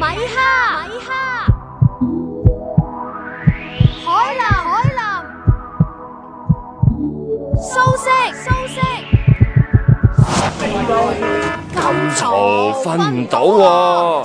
米哈，米哈，海林，海林，蘇軾，蘇軾，咁嘈瞓唔到。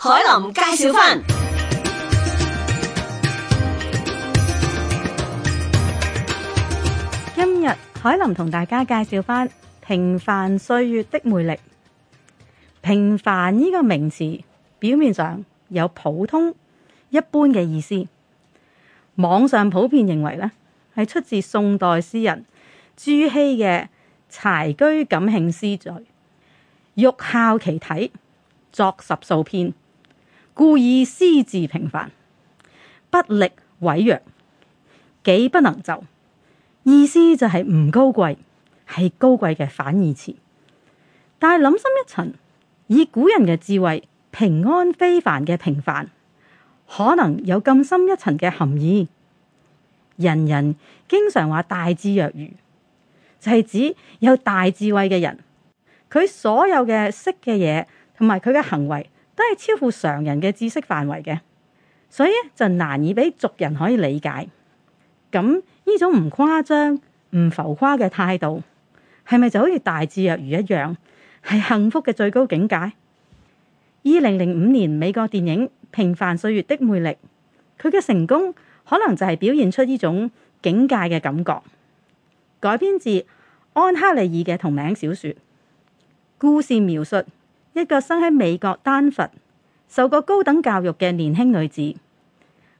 海林介紹返，今日海林同大家介紹返「平凡歲月」的魅力。平凡呢個名詞表面上有普通、一般嘅意思。網上普遍認為呢係出自宋代詩人朱熹嘅《柴居感興詩序》，欲效其體，作十數篇。故意私自平凡，不力委弱，己不能就。意思就係唔高貴，係高貴嘅反義詞。但係諗深一層，以古人嘅智慧，平安非凡嘅平凡，可能有更深一層嘅含義。人人經常話大智若愚，就係、是、指有大智慧嘅人，佢所有嘅識嘅嘢同埋佢嘅行為。都係超乎常人嘅知識範圍嘅，所以就難以俾俗人可以理解。咁呢種唔誇張、唔浮誇嘅態度，係咪就好似大智若愚一樣，係幸福嘅最高境界？二零零五年美國電影《平凡歲月》的魅力，佢嘅成功可能就係表現出呢種境界嘅感覺。改編自安克利爾嘅同名小説，故事描述。一個生喺美國丹佛，受過高等教育嘅年輕女子，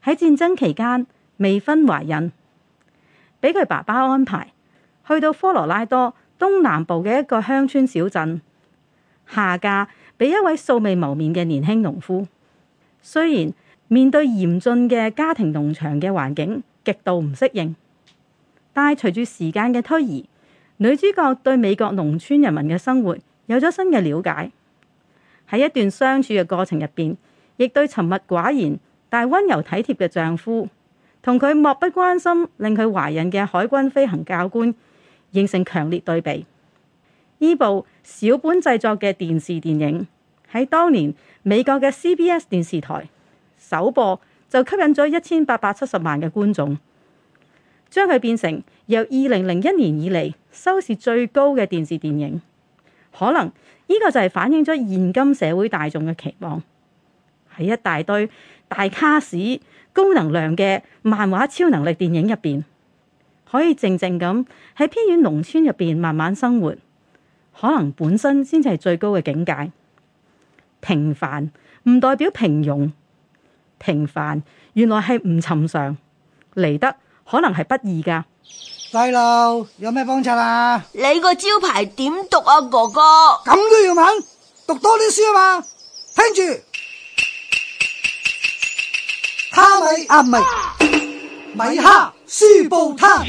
喺戰爭期間未婚懷孕，俾佢爸爸安排去到科羅拉多東南部嘅一個鄉村小鎮下嫁俾一位素未謀面嘅年輕農夫。雖然面對嚴峻嘅家庭農場嘅環境，極度唔適應，但係隨住時間嘅推移，女主角對美國農村人民嘅生活有咗新嘅了解。喺一段相處嘅過程入邊，亦對沉默寡言但溫柔體貼嘅丈夫，同佢漠不關心令佢懷孕嘅海軍飛行教官，形成強烈對比。呢部小本製作嘅電視電影喺當年美國嘅 CBS 電視台首播，就吸引咗一千八百七十萬嘅觀眾，將佢變成由二零零一年以嚟收視最高嘅電視電影。可能呢個就係反映咗現今社會大眾嘅期望，喺一大堆大卡士、高能量嘅漫畫、超能力電影入邊，可以靜靜咁喺偏遠農村入邊慢慢生活，可能本身先至係最高嘅境界。平凡唔代表平庸，平凡原來係唔尋常，嚟得可能係不易噶。細路有咩幫襯啊？你個招牌點讀啊，哥哥？咁都要問？讀多啲書啊嘛！聽住，蝦米啊、啊、米米蝦書報攤。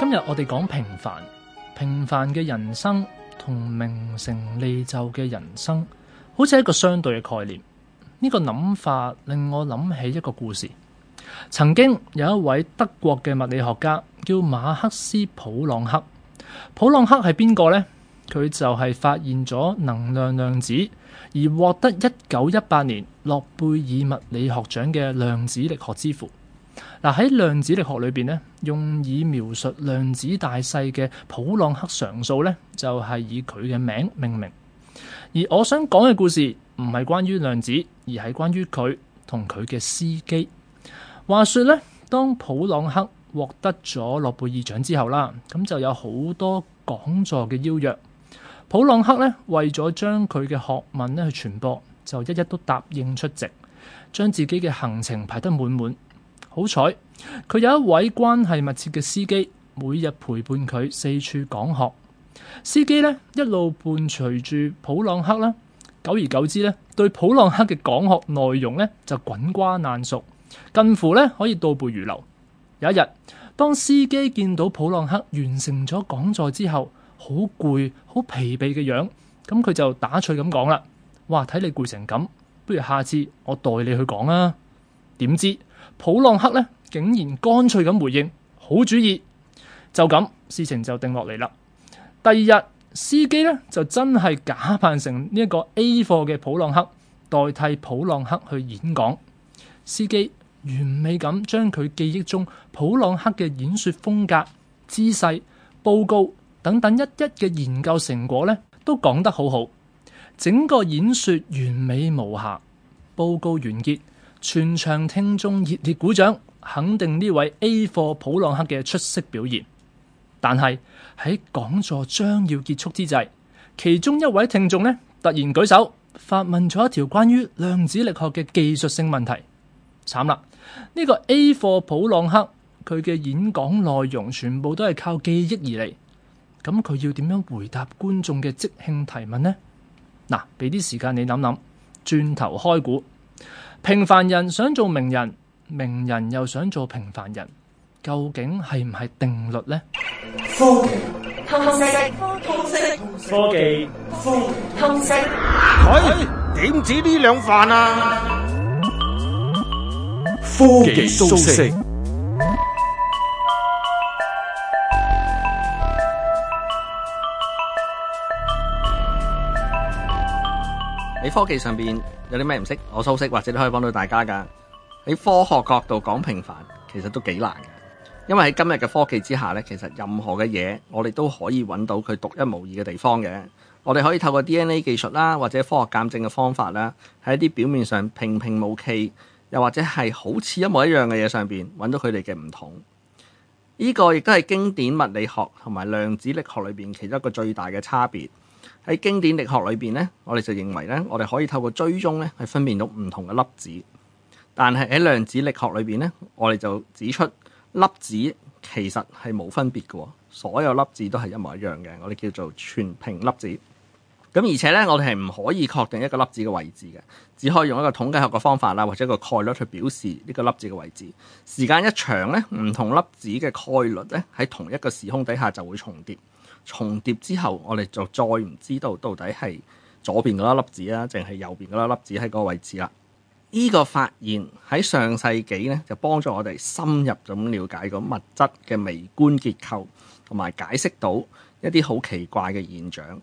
今日我哋講平凡，平凡嘅人生同名成利就嘅人生。好似係一個相對嘅概念，呢、呢個諗法令我諗起一個故事。曾經有一位德國嘅物理學家叫馬克斯普朗克。普朗克係邊個呢？佢就係發現咗能量量子，而獲得一九一八年諾貝爾物理學獎嘅量子力學之父。嗱，喺量子力學裏邊呢，用以描述量子大細嘅普朗克常數呢，就係、是、以佢嘅名命名。而我想講嘅故事唔係關於量子，而係關於佢同佢嘅司機。話說呢，當普朗克獲得咗諾貝爾獎之後啦，咁就有好多講座嘅邀約。普朗克呢，為咗將佢嘅學問呢去傳播，就一一都答應出席，將自己嘅行程排得滿滿。好彩，佢有一位關係密切嘅司機，每日陪伴佢四處講學。司機咧一路伴隨住普朗克啦，久而久之咧，對普朗克嘅講學內容咧就滾瓜爛熟，近乎咧可以倒背如流。有一日，當司機見到普朗克完成咗講座之後，好攰好疲憊嘅樣，咁佢就打趣咁講啦：哇，睇你攰成咁，不如下次我代你去講啊？點知普朗克咧竟然乾脆咁回應：好主意，就咁，事情就定落嚟啦。第二日，司機咧就真係假扮成呢一個 A 貨嘅普朗克，代替普朗克去演講。司機完美噉將佢記憶中普朗克嘅演說風格、姿勢、報告等等一一嘅研究成果咧，都講得好好。整個演說完美無瑕，報告完結，全場聽眾熱烈鼓掌，肯定呢位 A 貨普朗克嘅出色表現。但係喺講座將要結束之際，其中一位聽眾呢突然舉手發問咗一條關於量子力學嘅技術性問題。慘啦！呢個 A 貨普朗克佢嘅演講內容全部都係靠記憶而嚟，咁佢要點樣回答觀眾嘅即興提問呢？嗱，俾啲時間你諗諗，轉頭開估。平凡人想做名人，名人又想做平凡人，究竟係唔係定律呢？科技通識，科技通識。佢點止呢兩飯啊？科技通識。喺科技上邊有啲咩唔識？我熟識，或者你可以幫到大家噶。喺科學角度講平凡，其實都幾難。因為喺今日嘅科技之下咧，其實任何嘅嘢，我哋都可以揾到佢獨一無二嘅地方嘅。我哋可以透過 DNA 技術啦，或者科學鑑證嘅方法啦，喺一啲表面上平平無奇，又或者係好似一模一樣嘅嘢上邊揾到佢哋嘅唔同。呢個亦都係經典物理學同埋量子力學裏邊其中一個最大嘅差別。喺經典力學裏邊呢，我哋就認為呢，我哋可以透過追蹤呢，係分辨到唔同嘅粒子。但係喺量子力學裏邊呢，我哋就指出。粒子其實係冇分別嘅，所有粒子都係一模一樣嘅，我哋叫做全屏粒子。咁而且咧，我哋係唔可以確定一個粒子嘅位置嘅，只可以用一個統計學嘅方法啦，或者一個概率去表示呢個粒子嘅位置。時間一長咧，唔同粒子嘅概率咧喺同一個時空底下就會重疊，重疊之後我哋就再唔知道到底係左邊嗰粒粒子啊，定係右邊嗰粒粒子喺嗰個位置啦。呢個發現喺上世紀咧，就幫助我哋深入咁了解個物質嘅微觀結構，同埋解釋到一啲好奇怪嘅現象，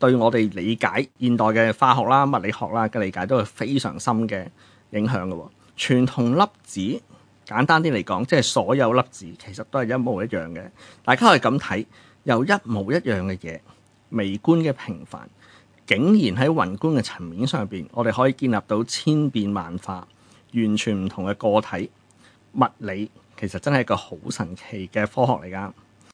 對我哋理解現代嘅化學啦、物理學啦嘅理解都係非常深嘅影響嘅。傳統粒子簡單啲嚟講，即係所有粒子其實都係一模一樣嘅。大家可以咁睇，有一模一樣嘅嘢，微觀嘅平凡。竟然喺宏觀嘅層面上邊，我哋可以建立到千變萬化、完全唔同嘅個體物理，其實真係一個好神奇嘅科學嚟㗎。